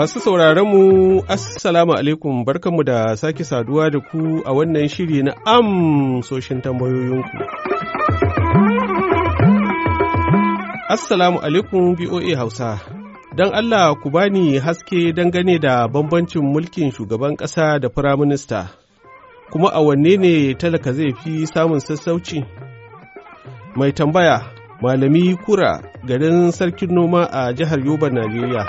Masu sauraronmu, Assalamu alaikum barkanmu da sake saduwa da ku a wannan shiri na amsoshin tambayoyinku. Assalamu alaikum BOA Hausa. Don Allah ku bani haske dangane da bambancin mulkin shugaban ƙasa da firaminista, kuma a wanne ne talaka zai fi samun sassauci? Mai tambaya, Malami Kura, garin sarkin noma a jihar Yoba, Najeriya.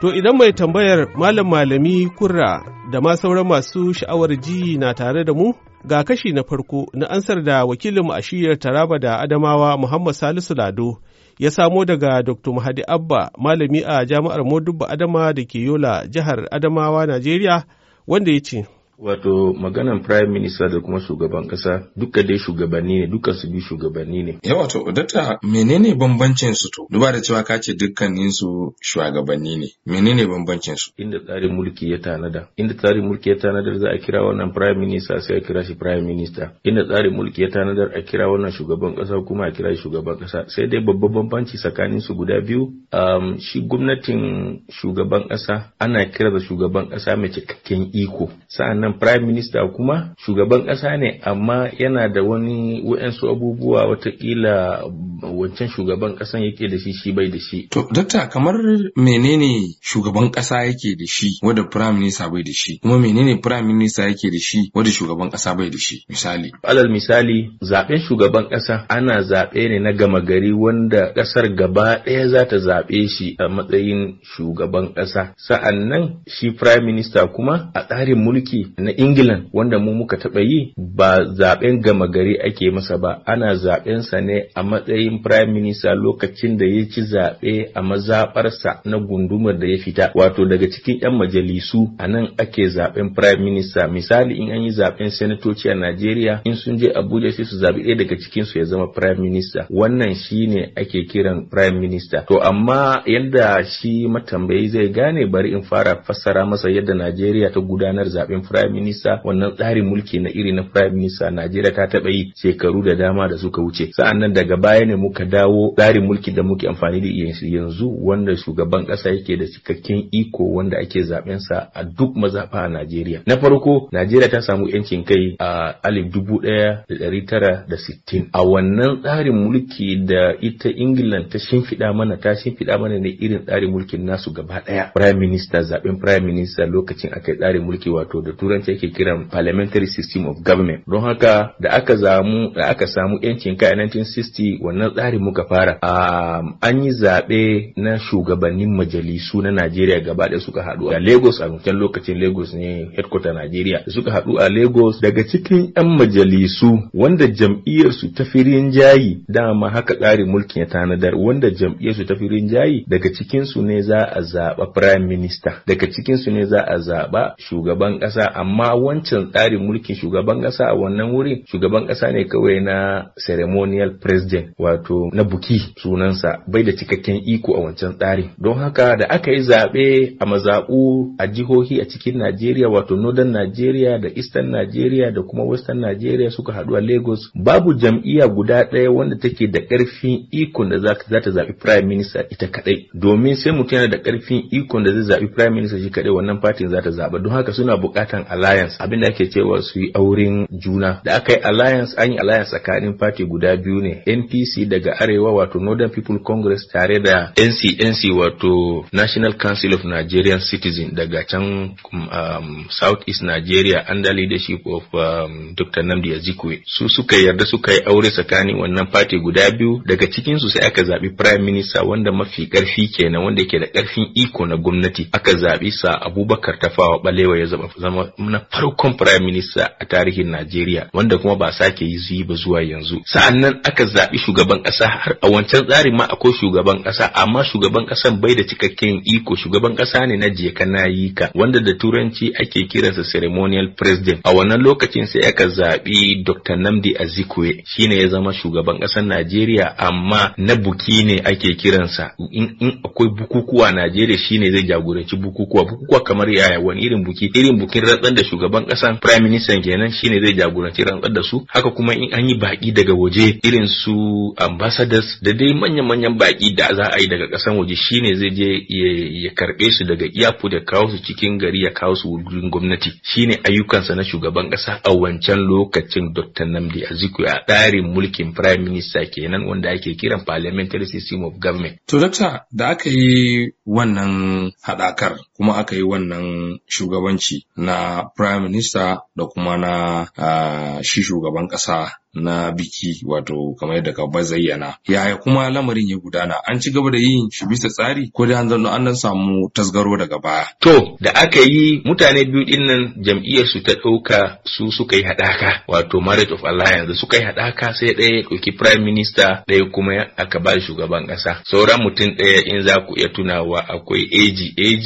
To idan mai tambayar malam malami kurra da ma sauran masu sha'awar ji na tare da mu ga kashi na farko na ansar da Wakilin a ashiyar Taraba da Adamawa Muhammad Salisu Lado ya samo daga Dr. Mahadi Abba malami a jami'ar Modubba Adama da ke Yola jihar Adamawa Najeriya wanda ya ce. Wato maganan Prime Minister da kuma shugaban kasa duka dai shugabanni ne duka su bi shugabanni ne. Ya wato Odata menene bambancin su to? Duba da cewa kace dukkanin su shugabanni ne. Menene bambancin su? Inda tsarin mulki ya tanada. Inda tsarin mulki ya tanada za a kira wannan Prime Minister sai a kira shi Prime Minister. Inda tsarin mulki ya tanada a kira wannan shugaban kasa kuma a kira shi shugaban kasa. Sai dai babban bambanci tsakanin su guda biyu. Um, shi gwamnatin shugaban kasa ana kira da shugaban kasa mai cikakken iko. Sa'annan wannan prime minister kuma shugaban ƙasa ne amma yana da wani wa'ansu abubuwa watakila wancan shugaban ƙasan yake da shi shi bai da shi. To, dakta kamar menene shugaban ƙasa yake da shi wanda prime minister bai da shi kuma menene prime minister yake da shi wanda shugaban ƙasa bai da shi misali. Alal misali zaɓen shugaban ƙasa ana zaɓe ne na gama gari wanda ƙasar gaba ɗaya za ta zaɓe shi a matsayin shugaban ƙasa. Sa'an nan shi prime minister kuma a tsarin mulki na England wanda mu muka taɓa yi ba zaɓen gama gari ake masa ba ana zaɓen sa ne a matsayin prime minister lokacin da ya ci zaɓe a mazaɓarsa na gundumar da ya fita wato daga cikin 'yan majalisu a nan ake zaɓen prime minister misali in an yi zaɓen senatoci a Najeriya in sun je Abuja sai su zaɓi ɗaya daga cikin su ya zama prime minister wannan shine ake kiran prime minister to amma yadda shi matambayi zai gane bari in fara fassara masa yadda Najeriya ta gudanar zaɓen prime prime minister wannan tsarin mulki na iri na prime minister Najeriya ta taba yi shekaru da dama da suka wuce sa'annan daga baya ne muka dawo tsarin mulki da muke amfani da yanzu yanzu wanda shugaban ƙasa yake da cikakken iko wanda ake zaben sa a duk mazafa a Najeriya na farko Najeriya ta samu yancin kai a alif dubu ɗaya da ɗari tara da sittin a wannan tsarin mulki da ita England ta shimfiɗa mana ta shimfiɗa mana ne irin tsarin mulkin nasu gaba ɗaya prime minister zaben prime minister lokacin aka yi tsarin mulki wato da turan. turanci yake kiran parliamentary system of government don haka da aka zamu da aka samu yancin kai a 1960 wannan tsari muka fara an yi zaɓe na shugabannin majalisu na Najeriya gaba da suka haɗu a Lagos a wancan lokacin Lagos ne headquarter Najeriya suka haɗu a Lagos daga cikin 'yan majalisu wanda jam'iyyar su ta firin jayi dama haka tsarin mulkin ya tanadar wanda jam'iyyar su ta firin jayi daga cikin su ne za a zaɓa prime minister daga cikin su ne za a zaɓa shugaban ƙasa a amma wancan tsarin mulkin shugaban kasa a wannan wuri shugaban kasa ne kawai na ceremonial president wato na buki sunansa bai da cikakken iko a wancan tsari. don haka da aka yi zaɓe a mazaɓu a jihohi a cikin Najeriya wato Northern Najeriya da Eastern Najeriya da kuma Western Najeriya suka haɗu a Lagos babu jam'iyya guda ɗaya wanda take da ƙarfin ikon da za ta zaɓi prime minister ita kaɗai domin sai mutum yana da ƙarfin ikon da zai zaɓi prime minister shi kaɗai wannan fatin za ta zaɓa don haka suna buƙatan alliance abin ake cewa su yi auren juna da aka yi alliance an yi alliance tsakanin party guda biyu ne NPC daga arewa wato Northern People Congress tare da NCNC wato National Council of Nigerian Citizen daga can um, um, South East Nigeria under leadership of um, Dr. Namdi Azikwe su suka yarda suka yi aure tsakanin wannan party guda biyu daga cikin su sai aka zabi prime minister wanda mafi karfi kenan wanda yake da karfin iko na gwamnati aka zabi sa Abubakar Tafawa Balewa ya zama na farkon prime minister a tarihin Najeriya wanda kuma ba sake yi zuyi ba zuwa yanzu sa'annan aka zaɓi shugaban ƙasa har a wancan tsarin ma akwai shugaban ƙasa amma shugaban ƙasan bai da cikakken iko shugaban ƙasa ne na jeka na yi ka wanda da turanci ake kiransa ceremonial president a wannan lokacin sai aka zaɓi Dr. Namdi Azikwe shine ya zama shugaban ƙasar Najeriya amma na buki ne ake kiransa in, in akwai bukukuwa Najeriya shine zai jagoranci bukukuwa bukukuwa kamar yaya wani irin buki irin bukin ratsa rantsar da shugaban ƙasan prime minister kenan shine zai jagoranci rantsar da su haka kuma in an yi baki daga waje irin su ambassadors da dai manyan-manyan baki da za a yi daga ƙasan waje shine zai je ya karɓe su daga iyaku da kawo su cikin gari ya kawo su wurin gwamnati shine ayyukansa na shugaban ƙasa a wancan lokacin dr namdi aziku a tsarin mulkin prime minister kenan wanda ake kiran parliamentary system of government. to doctor da aka yi wannan haɗakar kuma aka yi wannan shugabanci na Prime Minister da kuma na ah, shi shugaban ƙasa na biki wato kamar yadda ka bazayyana yaya kuma lamarin ya gudana an ci gaba da yin shi bisa tsari ko da an an nan samu tasgaro daga baya to da aka yi mutane biyu din nan jam'iyyar su ta ɗauka su suka yi haɗaka wato marriage of alliance suka yi haɗaka sai ɗaya ya ɗauki prime minister ɗaya kuma aka ba shugaban kasa. sauran mutum ɗaya in za ku iya tunawa akwai AG AG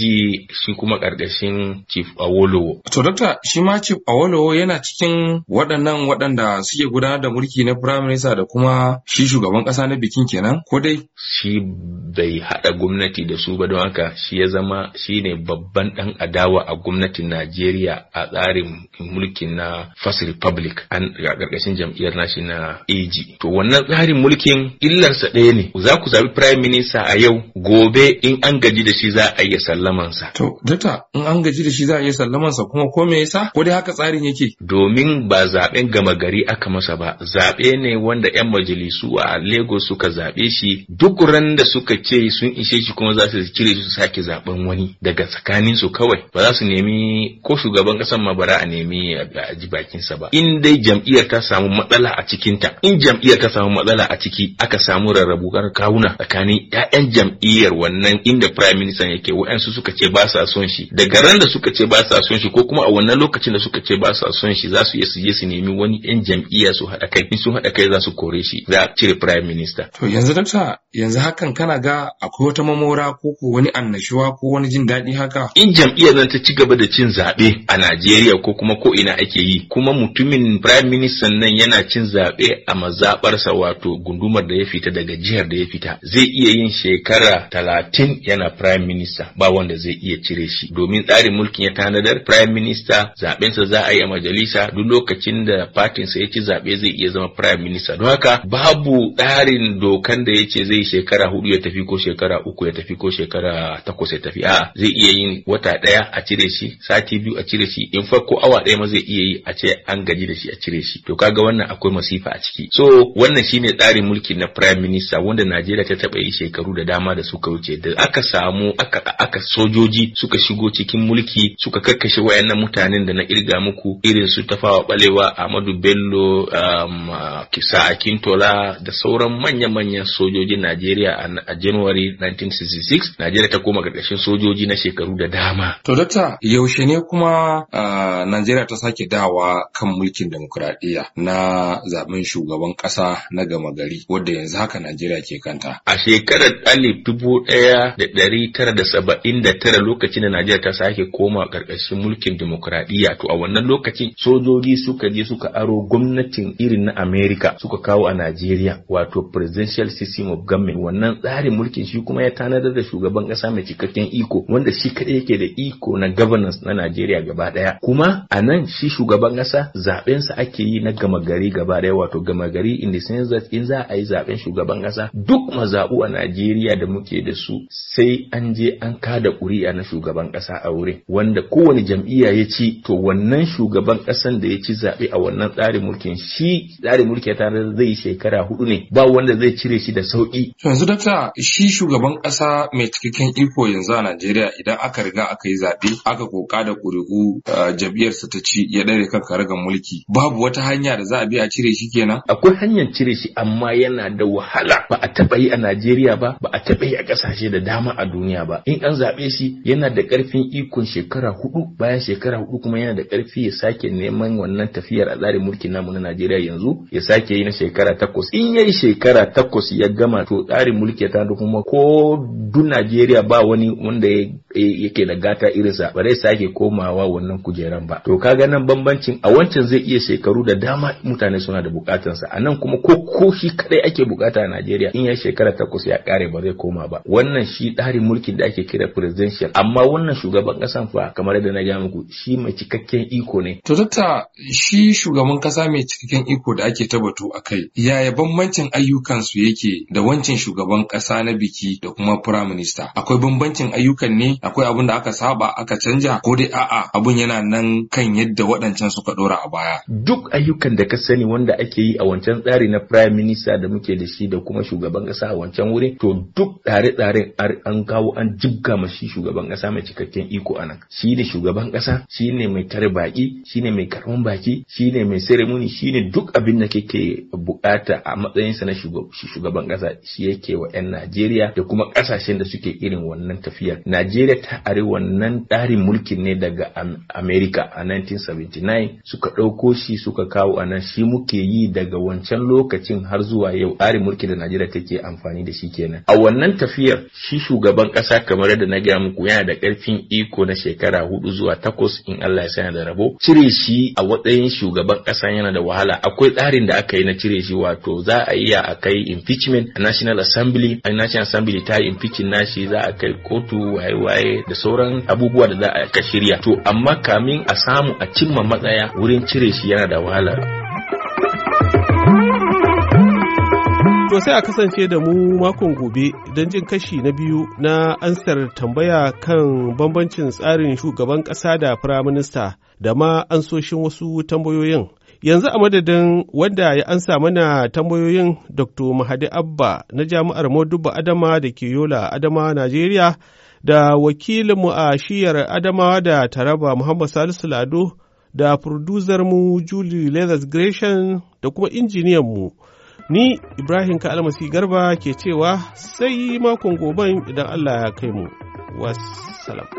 shi kuma ƙarƙashin Chief Awolowo to dokta shi ma Chief Awolowo yana cikin waɗannan waɗanda suke gudanar da mulki na prime minister da kuma shi shugaban kasa na bikin kenan ko dai shi bai haɗa gwamnati da su ba don haka shi ya zama shi ne babban dan adawa a gwamnatin Najeriya a tsarin mulkin na First Republic an gargashin jam'iyyar nashi na AG to wannan tsarin mulkin illarsa ɗaya ne za ku zabi prime minister a yau gobe in an gaji da shi za a iya sallamansa to data in an gaji da shi za a iya sallamansa kuma ko me yasa ko dai haka tsarin yake domin ba zaɓen gama gari aka masa ba ba zaɓe ne wanda 'yan majalisu a Lagos suka zaɓe shi duk ran da suka ce sun ishe shi kuma za su cire su sake zaɓen wani daga tsakanin su kawai ba za su nemi ko shugaban ƙasar ma bara a nemi a ji bakinsa ba in dai jam'iyyar ta samu matsala a cikin ta, in jam'iyyar ta samu matsala a ciki aka samu rarrabu kar kawuna tsakanin 'ya'yan jam'iyyar wannan inda prime minister yake wa'ansu suka ce ba sa son shi daga ran da suka ce ba sa son shi ko kuma a wannan lokacin da suka ce ba sa son shi za su iya su je su nemi wani 'yan jam'iyya su haɗa kai in sun haɗa kai za su kore shi za a cire prime minister. To yanzu dakta yanzu hakan kana ga akwai wata mamora ko ko wani annashuwa ko wani jin daɗi haka. In jam'iyyar zan ta ci gaba da cin zaɓe a Najeriya ko kuma ko ina ake yi kuma mutumin prime minister nan yana cin zaɓe a mazaɓarsa wato gundumar da ya fita daga jihar da ya fita zai iya yin shekara talatin yana prime minister ba wanda zai iya cire shi domin tsarin mulkin ya tanadar prime minister zaɓensa za a yi a majalisa duk lokacin da fatinsa ya ci zaɓe zai iya zama prime minister don haka babu tsarin dokan da ya ce zai shekara hudu ya tafi ko shekara uku ya tafi ko shekara takwas ya tafi a'a zai iya yin wata daya a cire shi sati biyu a cire shi in ko awa daya ma zai iya yi a ce an gaji da shi a cire shi to kaga wannan akwai masifa a ciki so wannan shine tsarin mulki na prime minister wanda Najeriya ta taba yi shekaru da dama da suka wuce da aka samu aka aka sojoji suka shigo cikin mulki suka kakkashe wayannan mutanen da na irga muku irin su tafawa balewa Ahmadu Bello uh, Um, uh, kisa akintola da sauran manya-manyan sojojin najeriya a january 1966 najeriya ta koma ƙarƙashin sojoji na shekaru da dama to dakta yaushe ne kuma uh, najeriya ta sake dawa kan mulkin demokuraɗiyya na zaben shugaban ƙasa na gama gari wadda yanzu haka najeriya ke kanta a shekarar alif dubu ɗaya da ɗari tara da saba'in da tara lokacin da najeriya ta sake koma ƙarƙashin mulkin demokuraɗiyya to a wannan lokacin sojoji suka je suka aro gwamnatin irin na America suka kawo a Najeriya wato presidential system of government wannan tsarin mulkin shi kuma ya tanadar da shugaban kasa mai cikakken iko wanda shi kadai yake da iko na governance na Najeriya gaba daya kuma a nan shi shugaban kasa zaben sa ake yi na gama gari gaba daya wato gama gari in the sense that in za a yi zaben shugaban kasa duk mazabu a Najeriya da muke da su sai an je an kada kuri'a na shugaban kasa a wurin wanda kowane jam'iyya ya ci to wannan shugaban kasan da ya ci zabe a wannan tsarin mulkin shi tsarin mulki ta zai yi shekara hudu ne ba wanda zai cire shi da sauki. yanzu dakta shi shugaban ƙasa mai cikakken iko yanzu a Najeriya idan aka riga aka yi zaɓe aka koka da ƙuri'u jam'iyyarsa ta ci ya ɗare kan karagan mulki babu wata hanya da za a bi a cire shi kenan. Akwai hanyar cire shi amma yana da wahala ba a taɓa yi a Najeriya ba ba a taɓa yi a ƙasashe da dama a duniya ba in an zaɓe shi yana da ƙarfin ikon shekara hudu bayan shekara hudu kuma yana da ƙarfi ya sake neman wannan tafiyar a tsarin mulki namu na Najeriya yanzu ya sake yi na shekara takwas in yayi shekara takwas ya gama to tsarin mulki ta da kuma ko duk Najeriya ba wani wanda yake da gata irinsa ba zai sake komawa wannan kujeran ba to kaga nan bambancin a wancan zai iya shekaru da dama mutane suna da bukatansa a nan kuma ko ko shi kadai ake bukata a Najeriya in ya shekara takwas ya kare ba zai koma ba wannan shi tsarin mulkin da ake kira presidential amma wannan shugaban kasan fa kamar da na ga muku shi mai cikakken iko ne to shi shugaban kasa mai cikakken iko da ake ta batu a kai yaya bambancin ayyukansu yake da wancin shugaban kasa na biki da kuma prime minister akwai bambancin ayyukan ne akwai abin da aka saba aka canja ko dai a'a abun yana nan kan yadda waɗancan suka ɗora a baya duk ayyukan da ka sani wanda ake yi a wancan tsari na firayim minista da muke da shi da kuma shugaban ƙasa a wancan wuri to duk tsare-tsaren an kawo an jibga ma shi shugaban ƙasa mai cikakken iko anan shi ne shugaban ƙasa shi ne mai tare baki shi ne mai karɓan baki shi ne mai seremoni shi ne duk duk abin da kike bukata a matsayinsa na shugaban kasa shi yake wa 'yan Najeriya da kuma ƙasashen da suke irin wannan tafiyar. Najeriya ta are wannan tsarin mulkin ne daga Amerika a 1979 suka ɗauko shi suka kawo a nan shi muke yi daga wancan lokacin har zuwa yau tsarin mulki da Najeriya take amfani da shi kenan. A wannan tafiyar shi shugaban kasa kamar yadda na gaya muku yana da karfin iko na shekara hudu zuwa takwas in Allah ya sanya da rabo. Cire shi a matsayin shugaban kasa yana da wahala akwai tsarin da aka yi na cire shi wato za a iya a kai impeachment a national assembly a national assembly ta yi impeaching nashi za a kai kotu waye-waye da sauran abubuwa da za a ka shirya to amma kamin a samu a cimma matsaya wurin cire shi yana da wahala To sai a kasance da mu makon gobe don jin kashi na biyu na ansar tambaya kan bambancin tsarin shugaban ƙasa da firaminista da ma ansoshin wasu tambayoyin. Yanzu a madadin wanda ya ansa mana tambayoyin Dr. Mahadi Abba na Jami'ar Moduba Adama da ke Yola Adama, Najeriya, da wakilinmu a shiyar Adama da Taraba Muhammad Salisu Lado, da mu Julie Leathers Gresham da kuma injiniyanmu. Ni Ibrahim Ka'almasi Garba ke cewa sai makon goben idan Allah ya kai mu. Wassalam.